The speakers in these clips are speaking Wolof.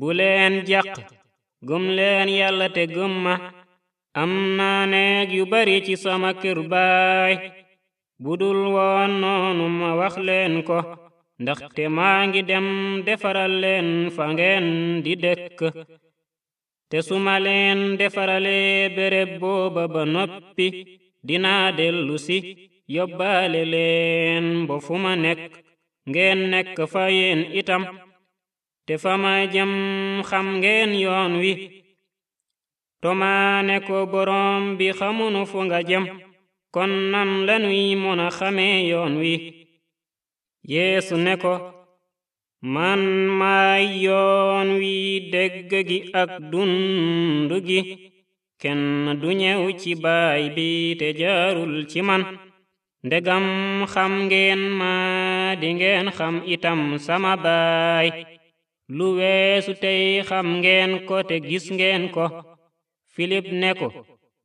bu leen jàq gëm leen yàlla te gëm ma am naa neeg yu bari ci sama kër baay bu dul woon noonu ma wax leen ko ndax maa ngi dem defaral leen fa ngeen di dëkk te su defaralee béréb booba ba noppi dinaa si yóbbaale leen ba fu nekk ngeen nekk fa yéen itam te fa ma jëm xam ngeen yoon wi tomaane ko borom bi xamunu fu nga jëm kon nan lanuy mën a xamee yoon wi yeesu ne ko man maay yoon wi dëgg gi ak dund gi kenn du ñëw ci baay bi te jaarul ci man ndegam xam ngeen ma ngeen xam itam sama baay lu weesu tey xam ngeen ko te gis ngeen ko filip ne ko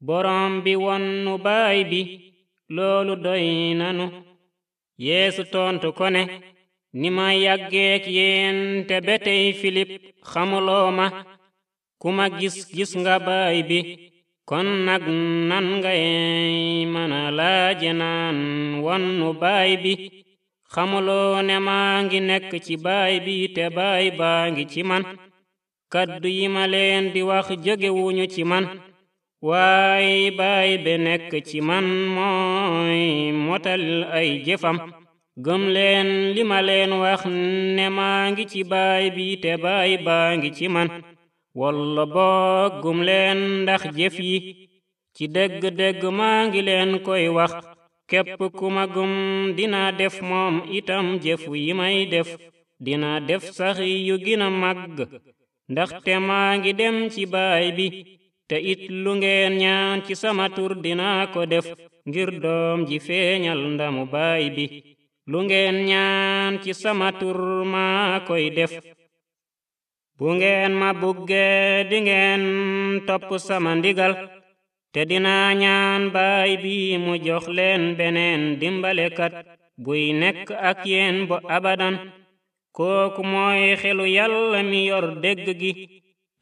borom bi won nu baay bi loolu doy nanu yeesu tontu ko ne ni ma yàggeek yéen te be tey filip xamuloo ma ku gis gis nga baay bi kon nag nan ngay mën a laaje naan won nu baay bi xamuloo ne maa ngi nekk ci baay bi te baay baa ngi ci man kaddu yi ma di wax jógewuñu ci man waaye baay be nekk ci man mooy motal ay jëfam gëm leen li ma leen wax ne maa ngi ci baay bi te baay baa ngi ci man walla boog gum ndax jëf yi ci dëgg-dëgg maa ngi leen koy wax képp ku ma gëm dinaa def moom itam jëf yi may def dinaa def sax yu gën a ndaxte maa ngi dem ci baay bi te it lu ngeen ñaan ci sama tur dinaa ko def ngir doom ji feeñal ndamu baay bi lu ngeen ñaan ci sama tur maa koy def bu ma buggee ngeen topp sama te dinaa ñaan baay bi mu jox leen beneen dimbalekat buy nekk ak yéen ba abadan kooku mooy xelu yàlla mi yor dégg gi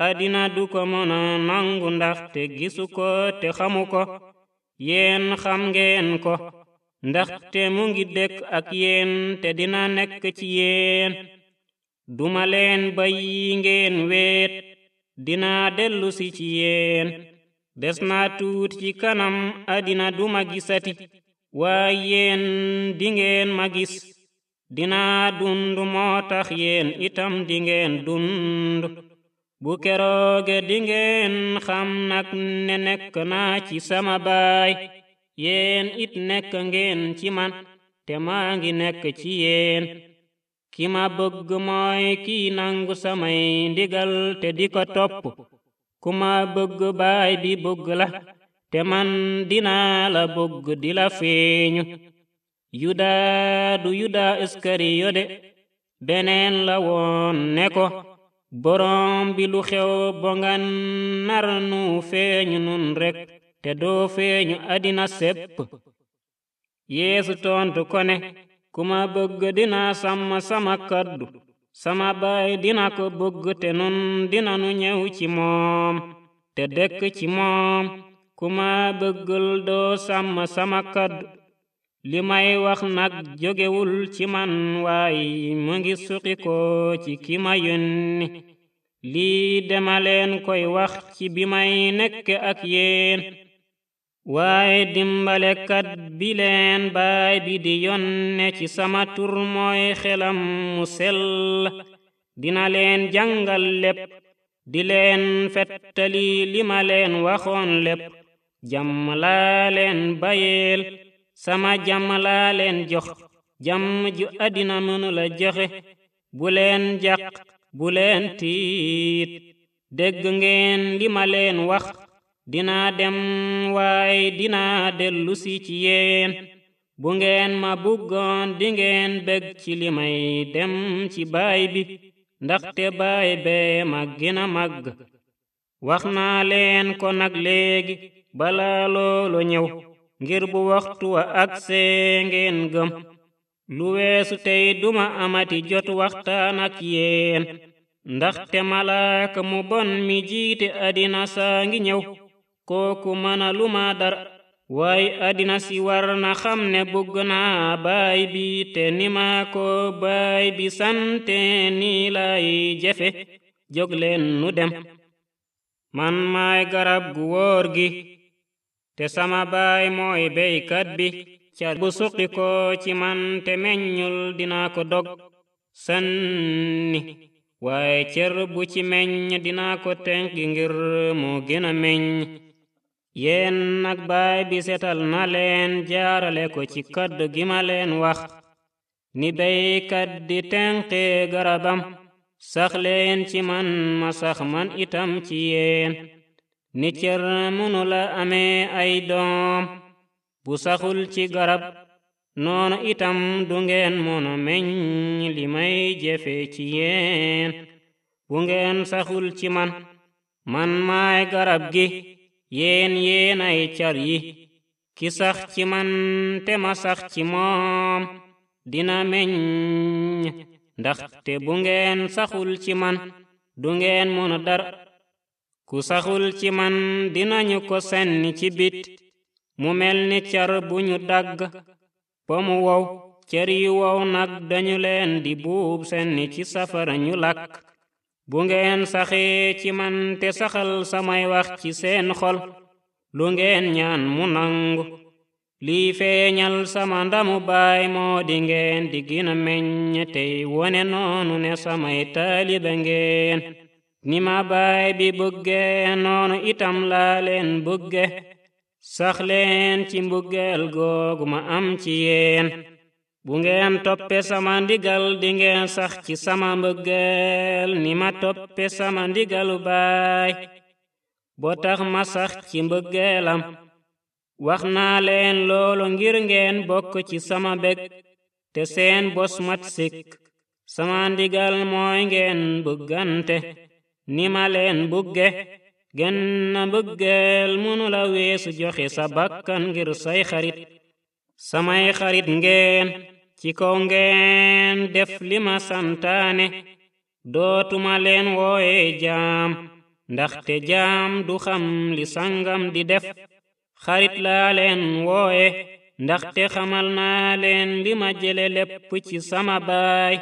àddina du ko mën a nangu ndax te gisu ko te xamu ko yéen xam ngeen ko ndax te mu ngi dëkk ak yéen te dina nekk ci yéen duma leen ngeen weet dinaa dellu ci yéen des naa ci kanam àddina du ma gisati yeen di ngeen ma gis dinaa dund moo tax yéen itam di ngeen dund bu kerooge dingeen xam nag ne nekk naa ci sama baay yéen it nekk ngeen ci man te maa ngi nekk ci yéen ki ma bëgg mooy kiy nangu samay ndigal te di ko topp ku ma bëgg baay bi bëgg la te man dinaa la bëgg di la feeñu yuda du yuda iskariyo beneen la woon ne ko boroom bi lu xew bongan nar nu feeñu nun rek te doo feeñu àddina sépp yeesu tontu ko ne ku bëgg dinaa sàmm sama kaddu sama baay dina ko bëgg te nun dinanu ñëw ci moom te dëkk ci moom ku ma bëggal doo sàmm sama kaddu li may wax nag jógewul ci man waay mu ngi suqikoo ci ki ma yónni lii dema koy wax ci bi may nekk ak yéen waaye dimbalekat bi leen baay bi di yonne ci sama tur mooy xelam mu sell dina leen jàngal lépp di leen fettali li ma leen waxoon lépp jàmm laa leen bayeel sama jàmm laa leen jox jàmm ju àddina mënu la joxe bu leen jàq bu leen tiit dégg ngeen li ma leen wax dinaa dem waaye dinaa dellusi ci yéen bu ngeen ma buggoon di ngeen ci li may dem ci baay bi ndaxte baay bee màggi na wax naa leen ko nag léegi bala loolu ñëw ngir bu waxtu wa agsee ngeen gëm lu weesu tey duma amati jot waxtaan ak yéen ndaxte malaaka mu bon mi jiite àddina saa ngi ñëw kooku mëna lu ma dar waaye àddina si war na xam ne bëgg naa baay bi te ni ma ko baay bi sante ni lay jëfe jóg leen nu dem man maay garab gu woor gi te sama baay mooy beykat bi car bu suqi ko ci man te meññul dinaa dog sanni waaye cer bu ci meññ dinaa ko tenqi ngir mu gën meññ yéen nag baay bi setal na leen jaarale ko ci kaddu gi ma leen wax ni beykat di tenqee garabam sax leen ci man ma sax man itam ci yéen ni cër mënu la amee ay doom bu saxul ci garab noonu itam du ngeen mën a meññ ci yéen bu ngeen saxul ci man man maay garab gi yéen yéen ay car yi ki sax ci man te ma sax ci moom dina meññ ndaxte bu ngeen saxul ci man du ngeen mënu dara ku saxul ci man dinañu ko senni ci bit mu mel ni car bu ñu dagg ba mu wow car yi wow nag dañu leen di buub senni ci safara ñu lakk bu ngeen saxee ci man te saxal samay wax ci seen xol lu ngeen ñaan mu nangu lii feeñal sama ndamu baay moo di ngeen di gina meññ tey wone noonu ne samay taalibe ngeen ni ma baay bi bëgge noonu itam laa leen sax leen ci mbuggeel googu ma am ci yeen bu ngeen toppe sama ndigal di ngeen sax ci sama mbëggeel ni ma toppe sama ndigalu baay boo tax ma sax ci mbëggeelam wax naa leen loolu ngir ngeen bokk ci sama bég te seen bos mat sikk sama ndigal mooy ngeen bëggante ni ma leen bëgge genn mbëggeel mënu la weesu joxe sa bakkan ngir say xarit samay xarit ngeen ci kaw ngeen def li ma santaane dootuma leen wooye jaam ndaxte jaam du xam li sangam di def xarit laa leen wooye ndaxte xamal naa leen li ma jële lépp ci sama baay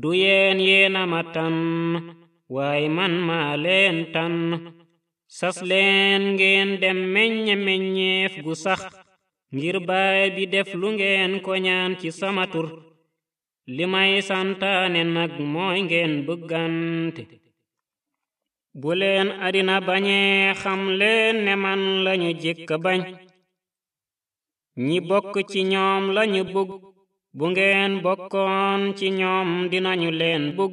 du yeen yeena ma tan waaye man maa leen tan sas leen ngeen dem meññe meññeef gu sax ngir baay bi def lu ngeen ko ñaan ci sama tur li may santaane nag mooy ngeen bëggante bu leen adina bañee xam leen ne man lañu jëkka bañ ñi bokk ci ñoom lañu bëgg bu ngeen bokkoon ci ñoom dinañu leen bëgg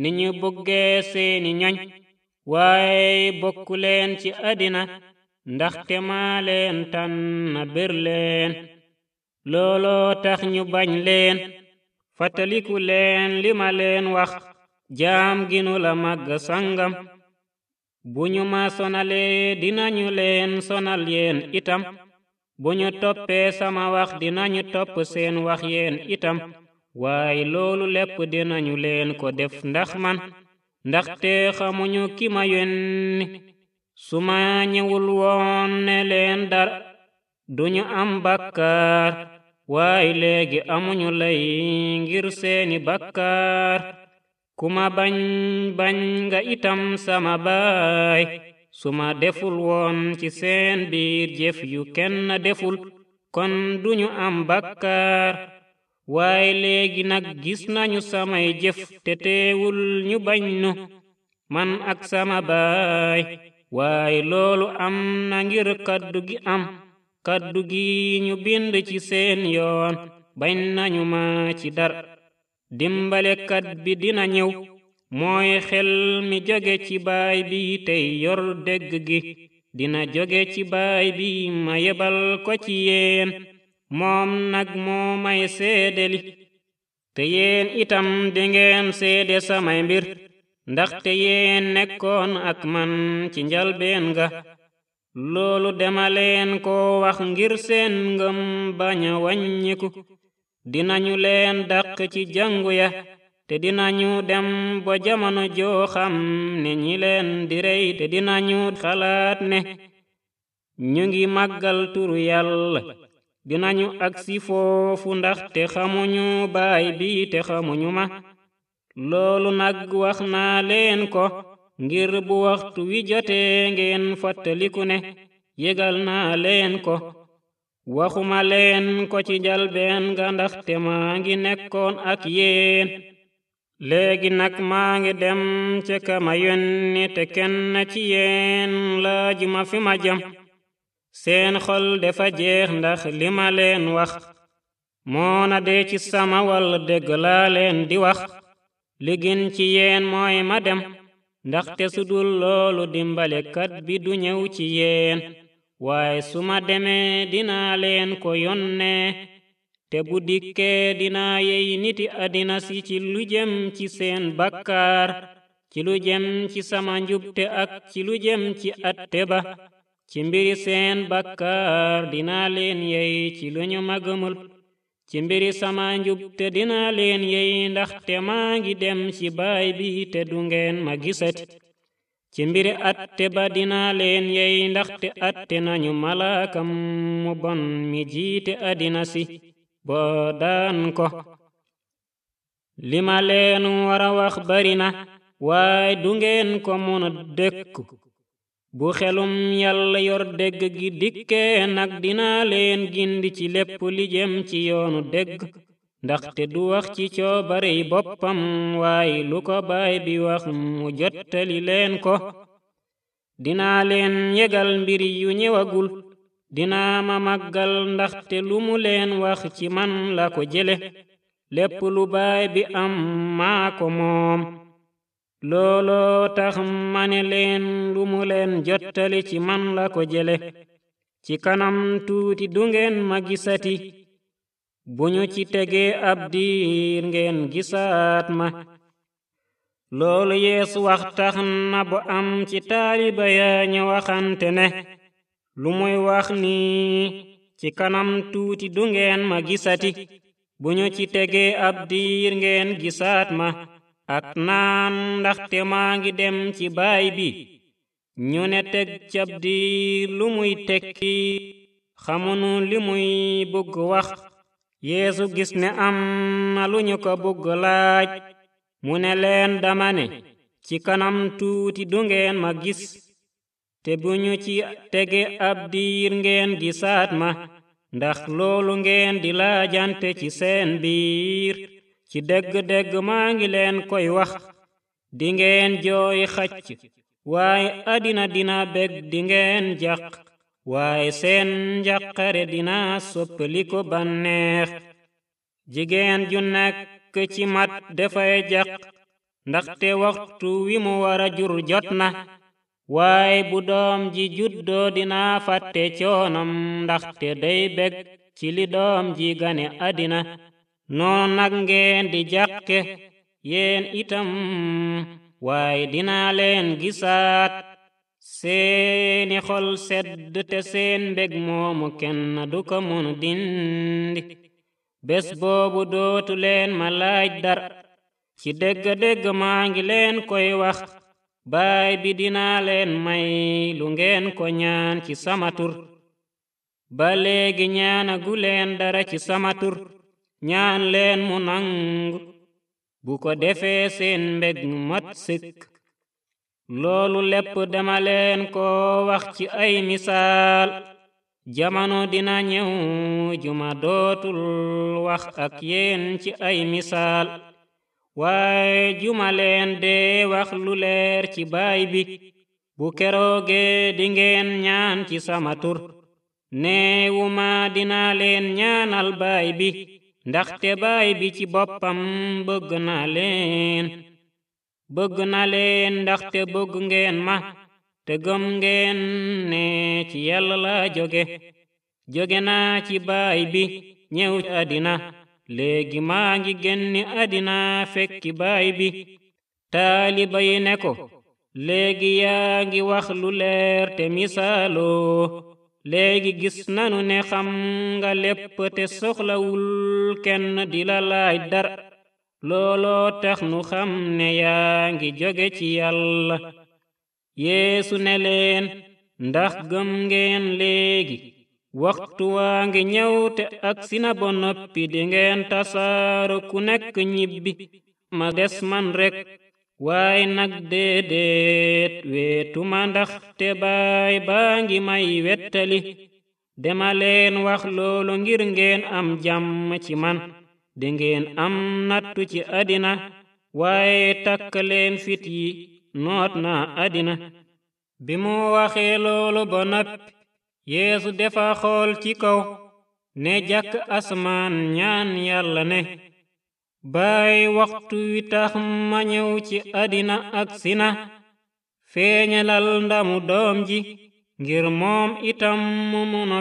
ni ñu bëggee seeni ñoñ waaye bokku leen ci adina ndaxte maa leen tànn bér leen looloo tax ñu bañ leen fataliku leen li ma leen wax jaam ginu la màgg sangam bu ñu ma sonalee dinañu leen sonal yeen itam bu ñu toppee sama wax dinañu topp seen wax yeen itam waaye loolu lépp dinañu leen ko def ndax man ndaxte xamuñu ki ma yónni su ma ñëwul woon ne leen dar duñu am bakkaar waaye léegi amuñu lay ngir seeni bakkaar ku ma bañ bañ nga itam sama baay su ma deful woon ci seen biir jëf yu kenn deful kon duñu am bakkaar waaye léegi nag gis nañu samay jëf te teewul ñu bañ nu man ak sama baay waaye loolu am na ngir kaddu gi am kaddu gi ñu bind ci seen yoon bañ nañu ma ci dar dimbalekat bi dina ñëw mooy xel mi joge ci baay bi tey yor dégg gi dina joge ci baay bi ma yebal ko ci yéen moom nag moo may seedeli te yéen itam dingeen seede samay mbir ndaxte yéen nekkoon ak man ci njalbeen nga loolu demaleen koo wax ngir seen ngëm bañ a dinañu leen daq ci jàngu ya te dinañu dem ba jamono joo xam ne ñi leen di rey te dinañu xalaat ne ñu ngi màggal turu yàlla dinañu agsi foofu ndaxte xamuñu baay bi te xamuñu ma loolu nag wax naa leen ko ngir bu waxtu wi jotee ngeen fàttaliku ne yégal naa leen ko waxuma leen ko ci jalbeen ga ndaxte maa ngi nekkoon ak yéen léegi nag maa ngi dem ca kama yónni te kenn ci yéen laajuma fi ma jëm seen xol dafa jeex ndax li ma leen wax moona dee ci sama wàll dégg laa leen di wax li ci yéen mooy ma dem ndaxte su dul loolu dimbalekat bi du ñëw ci yéen waaye su ma demee dinaa leen ko yónnee te bu dikkee dinaa yey niti àddina si ci lu jëm ci seen bakkaar ci lu ci sama njubte ak ci lu jëm ci atte ba ci mbiri seen bakkaar dinaa leen yey ci lu ma gëmul ci mbiri sama njub te dinaa leen yey ndax maa ngi dem ci baay bi te du ngeen ma gisati ci mbiri atte ba dinaa leen yey ndax atte nañu malaakam mu bon mi jiite àddina si boo daan ko li leen wara wax bari na waaye du ko mën a dëkku bu xelum yàlla yor dégg gi dikkee nag dinaa leen gindi ci lépp li ci yoonu dégg ndaxte du wax ci coobarey boppam waaye lu ko baay bi wax mu jottali leen ko dinaa leen yegal mbir yu ñëwagul dinaa ma màggal ndaxte lu mu leen wax ci man la ko jële lépp lu baay bi am maa ko moom looloo tax ma ne leen lu mu leen jottali ci man la ko jële ci kanam tuuti du ngeen ma gisati bu ñu ci tegee ab diir ngeen gisaat ma loolu yeesu wax tax na bu am ci taaliba yaa ñu waxante ne lu wax nii ci kanam tuuti du ngeen ma gisati bu ñu ci tegee ab ngeen gisaat ma ak naam ndax maa ngi dem ci baay bi ñu ne teg cab diir lu muy tekki xamunu li muy bëgg wax yeesu gis ne am na ñu ko bëgg laaj mu ne leen dama ne ci kanam tuuti du ngeen ma gis te bu ñu ci tege ab diir ngeen gisaat ma ndax loolu ngeen di laajante ci seen biir ci dégg dëgg maa ngi leen koy wax dingeen jooy xacc waaye àddina dina bég dingeen jàq waaye seen njàqare dina soppaliku banneex jigéen ju nekk ci mat dafay jàq ndaxte waxtu wi mu wara jur jot na waaye bu doom ji juddoo dina fàtte coonam ndaxte day bég ci li doom ji gane àddina noon nag ngeen di jàkke yéen itam waaye dinaa leen gisaat seeni xol sedd te seen mbég moomu kenn du ko munu dindi bés boobu dootu leen ma laaj dar ci dëgg-dëgg maa ngi leen koy wax baay bi dinaa leen may lu ngeen ko ñaan ci sama tur ba léegi leen dara ci sama tur ñaan leen mu nangu bu ko defee seen mbég mat loolu lépp dama ko wax ci ay misaal jamono dina ñëw juma dootul wax ak yéen ci ay misaal waaye juma leen wax lu leer ci baay bi bu keroogee di ngeen ñaan ci sama tur neewuma dina leen ñaanal baay bi ndaxte baay bi ci boppam bëgg na leen bëgg na leen ndaxte bëgg ngeen ma te gëm ngeen ne ci yàlla laa jóge jóge naa ci baay bi ñëw ci àddina léegi maa ngi génni àddina fekki baay bi taaliba yi ne ko léegi yaa ngi wax lu leer léegi gis nanu ne xam nga lépp te soxlawul kenn di la laaj dara looloo tax nu xam ne yaa ngi jóge ci yàlla yeesu ne leen ndax gëm ngeen léegi waxtu waa ngi ñëw te agsi na ba noppi di ngeen ku nekk ñibbi ma des man rekk waay nag déedéet weetuma ndaxte baay baa ngi may wettali dema wax loolu ngir ngeen am jàmm ci man di ngeen am nattu ci àddina waaye takk leen fit yi noot naa àddina bi mu waxee loolu ba noppi yeesu dafa xool ci kaw ne jàkk asamaan ñaan yàlla ne baay waxtu wi tax ma ñëw ci àddina agsi na feeñalal ndamu doom ji ngir moom itam mu mun a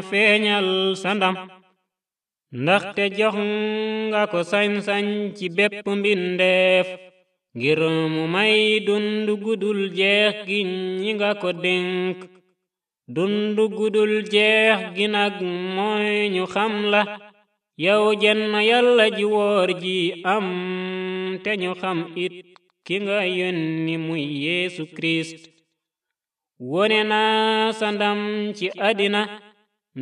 sa ndam ndaxte jox nga ko sañ-sañ ci bépp mbindeef ngir mu may dund jeex gi ñi nga ko dénk dund jeex gi nag mooy ñu xam la yow jen na yàlla ji woor ji am te ñu xam it ki nga yónni muy yéesu kirist wone na sa ndam ci àddina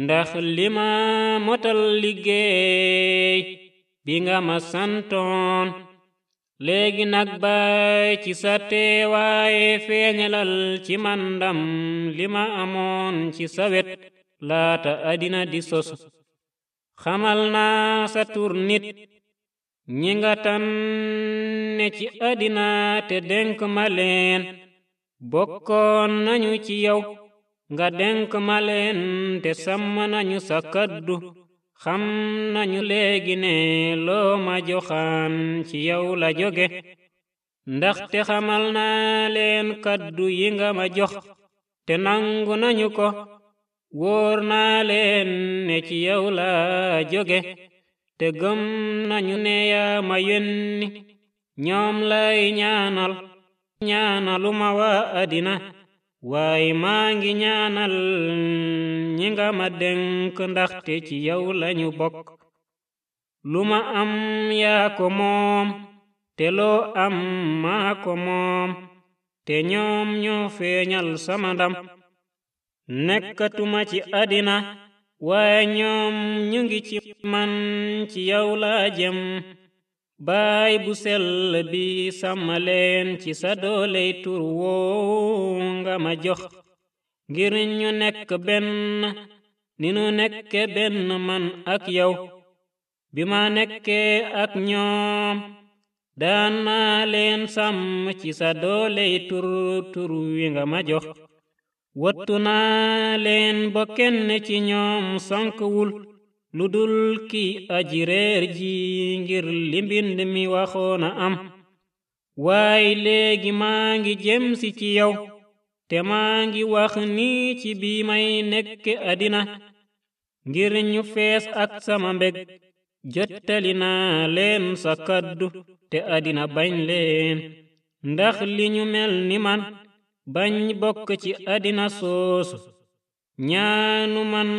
ndax li ma motal liggéey bi nga ma santoon léegi nag baay ci sa teewaaye feeñalal ci man ndam li ma amoon ci sa wet laata àddina di sosu xamal naa sa tur nit ñi nga tan ne ci àddina te denk ma bokkoon nañu ci yow nga denk ma leen te sàmm nañu sa kaddu xam nañu léegi ne loo ma joxaan ci yow la jóge ndaxte xamal naa leen kaddu yi nga ma jox te nangu nañu ko wóor naa leen ne ci yow laa te gëm nañu ne yaa ma yónni ñoom lay ñaanal ñaanalu ma waa àddina waaye maa ngi ñaanal ñi nga ma dénk ndaxte ci yow lañu bokk lu ma am yaa ko moom te loo am maa ko moom te ñoom ñoo feeñal sama ndam nekkatuma ci àddina waaye ñoom ñu ngi ci man ci yow laa jëm baay bu sell bi sàmma ci sa dooley tur woowu nga ma jox ngir ñu nekk benn ni nu nekke benn man ak yow bi ma nekkee ak ñoom daan naa leen sàmm ci sa dooley tur tur wi nga ma jox wattu naa leen ba kenn ci ñoom sànkwul lu dul ki aji ji ngir li mbind mi waxoona am waaye leegi maa ngi jëm si ci yow te maa ngi wax nii ci bii may nekk àddina ngir ñu fees ak sama mbég jottali naa leen sa kaddu te àddina bañ leen ndax li ñu mel ni man bañ bokk ci àddina soosu ñaanu man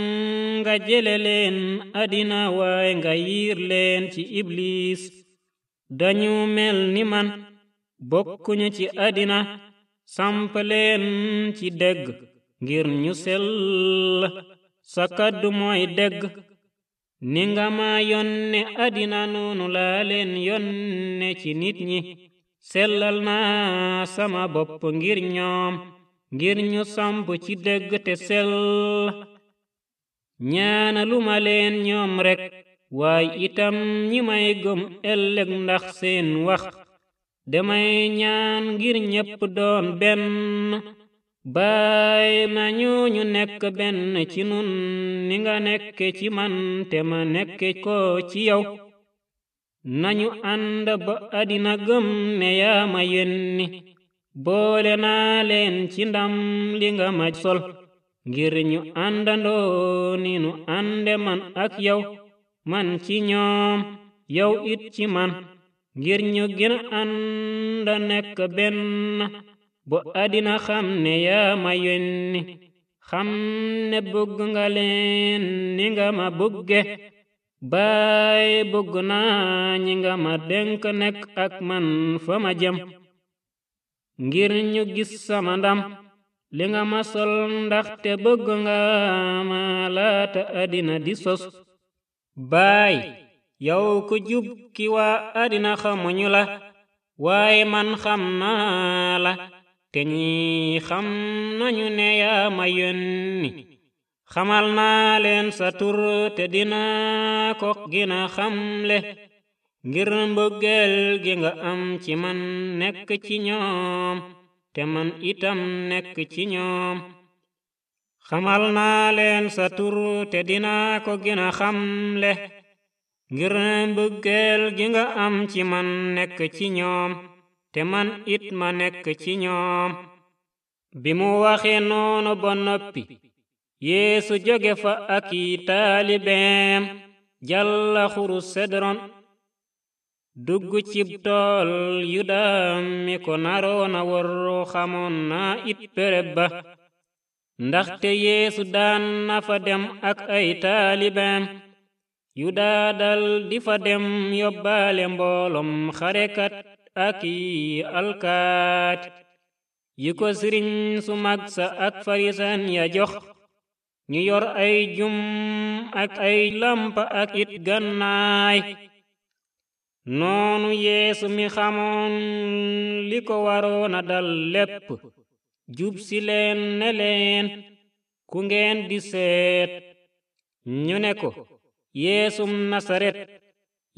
nga jële leen àddina waay nga yiir leen ci ibliis dañu mel ni man bokkuñu ci àddina samp leen ci dëgg ngir ñu sell sa kàddu mooy dëgg ni nga ma yonne àddina noonu laa leen yonne ci nit ñi sellal naa sama bopp ngir ñoom ngir ñu samp ci dëgg te sell ñaana lu ma leen ñoom rek waaye itam ñi may gëm ëllëg ndax seen wax damay ñaan ngir ñépp doon benn bàyyi nañu ñu nekk benn ci nun ni nga nekke ci man te ma nekke ko ci yow ñu ànd ba àddina gëm ne yaa ma yónni boole naa leen ci ndam li nga ma sol ngir ñu àndandoo ni nu man ak yow man ci ñoom yow it ci man ngir ñu gën a ànd nekk benn ba àddina xam ne yaa ma yónni xam ne bëgg nga leen ni nga ma bëgge baay bëgg naa ñi nga ma denk nekk ak man fa ma jëm ngir ñu gis sama ndam li nga ma sol ndaxte bëgg nga ma laata àddina di sos baay yow ku jub ki waa àddina xamuñu la waaye man xam naa la te ñi xam nañu ne yaa ma yónni xamal naa leen sa tur te dinaa ko gina xamle ngir mbëggeel gi nga am ci man nekk ci ñoom te man itam nekk ci ñoom xamal naa leen sa tur te dinaa ko gina xamle ngir mbëggeel gi nga am ci man nekk ci ñoom te man it ma nekk ci ñoom bi mu waxee noonu ba noppi yéesu jóge fa ak yi taalibeem jàlla xuru sedron dugg cib tool yudaam mi ko naroona worru xamoon naa it béreb ba ndaxte yéesu daan nafa dem ak ay taalibeem yudaa dal dem yobbaale mboolom xarekat ak yi alkaati yi ko sëriñ su mag ak farisan ya jox ñu yor ay jum ak ay lamp ak it gannaay noonu yeesu mi xamoon li ko waroon a dal lépp jub leen ne leen ku ngeen di seet ñu ne ko yeesum nasaret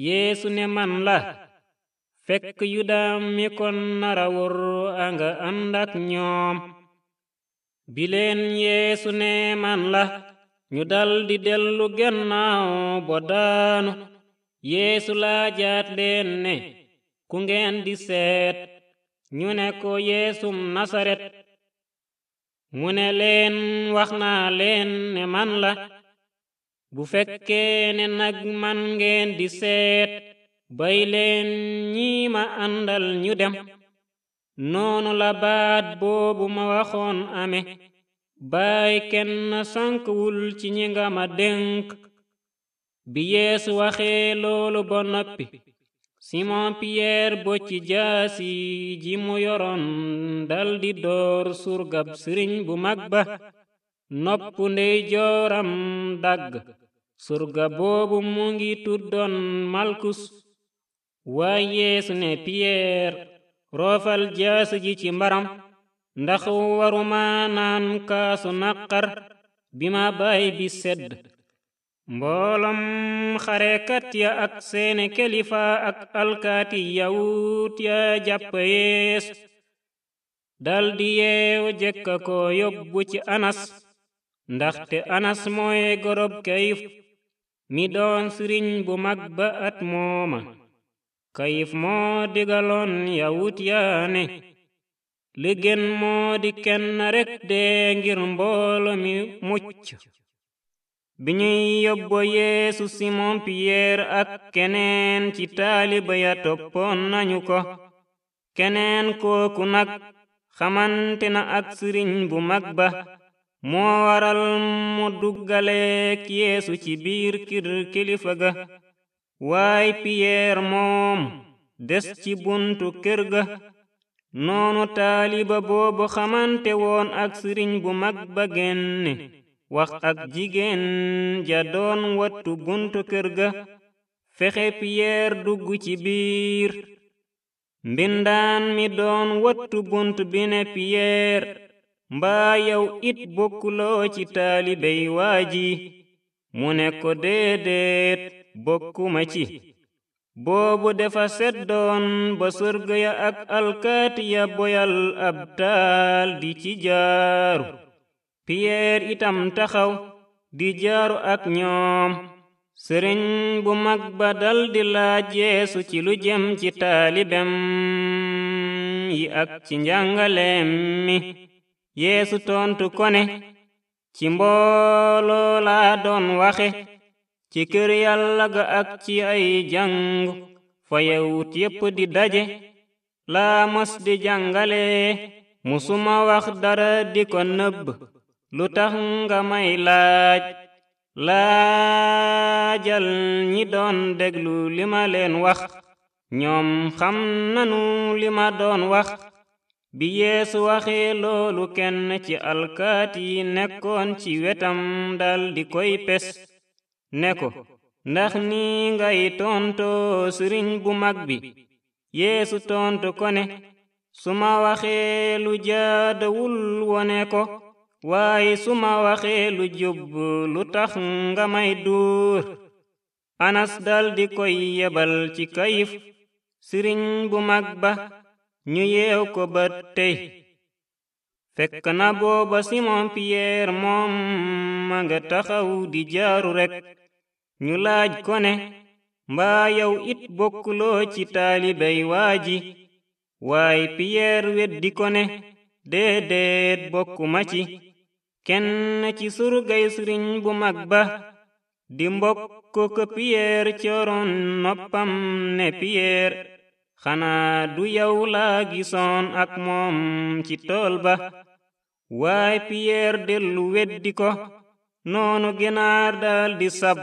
yeesu ne man la fekk yuda mi kon nara a nga ànd ak ñoom bileen yéesu ne man la ñu daldi dellu gannaaw ba daanu yeesu laajaat leen ne ku ngeen di seet ñu ne ko yeesum nasaret mu ne leen wax naa leen ne man la bu fekkee ne nag man ngeen di seet bay leen ñii ma àndal ñu dem noonu la baat boobu ma waxoon ame baay kenn sànkwul ci ñi nga ma dénk bi yeesu waxee loolu ba noppi simon piyeer bocci jaasi ji mu yoroon daldi door surga sëriñ bu mag ba nopp ndey jooram dagg surga boobu mu ngi tuddoon malkus waaye yeesu ne piyeer roofal jaasi ji ci mbaram ndax waruma naan kaasu naqar bi ma baay bi sedd mboolom xarekat ya ak seeni kilifa ak alkaati yawut ya jàpp yeesu daldi yeew jekka ko yóbbu ci anas ndaxte anas mooy gorob kayif mi doon sëriñ bu mag ba at mooma kayif moo digaloon yawut yaa ne moo di kenn rek dee ngir mboolo mi mucc bi ñuy yóbbo yéesu simon piyeer ak keneen ci taaliba ya toppoon nañu ko keneen kooku nag xamante na ak sëriñ bu mag ba moo waral mu duggaleek yeesu ci biir kër kilifa ga waay piyeer moom des ci buntu kër ga noonu taaliba boobu xamante woon ak sëriñ bu mag ba wax ak jigéen ja doon wattu buntu kër ga fexe piyeer dugg ci biir mbindaan mi doon wattu bunt bi ne piyeer mbaa yow it bokkuloo ci taalibey waa ji mu ne ko déedéet bokkuma ci boobu defa seddoon ba surga ya ak alkaati ya boyal ab taal di ci jaaru piyeer itam taxaw di jaaru ak ñoom sëriñ bu mag ba daldi di laaj yeesu ci lu jëm ci taalibem yi ak ci njàngaleem mi yeesu tontu ko ne ci mbooloo waxe ci kër yàlla ga ak ci ay jàng fa yawut yépp di daje laa mas di jàngale musuma wax dara di ko nëbb lu tax nga may laaj laajal ñi doon déglu li ma wax ñoom xam nanu li doon wax bi yeesu waxee loolu kenn ci alkaat nekkoon ci wetam dal koy pes ne ko ndax nii ngay tontoo sëriñ bu mag bi yeesu tontu ko ne su ma waxee lu jaadawul wone ko waaye su ma waxee lu jub lu tax nga may duur anas daldi koy yebal ci kayif sëriñ bu mag ba ñu yeew ko ba tey fekk na booba Simon Pierre moom ma nga taxaw di jaaru rekk ñu laaj ko ne mbaa yow it bokkuloo ci taalibey waa ji waaye Pierre weddi ko ne déedéet bokkuma ci kenn ci surgay sëriñ bu mag ba di mbokk ko Pierre cooroon noppam ne Pierre xanaa du yow laa gisoon ak moom ci tool ba waaye piyeer dellu weddi ko noonu ginaar daldi sab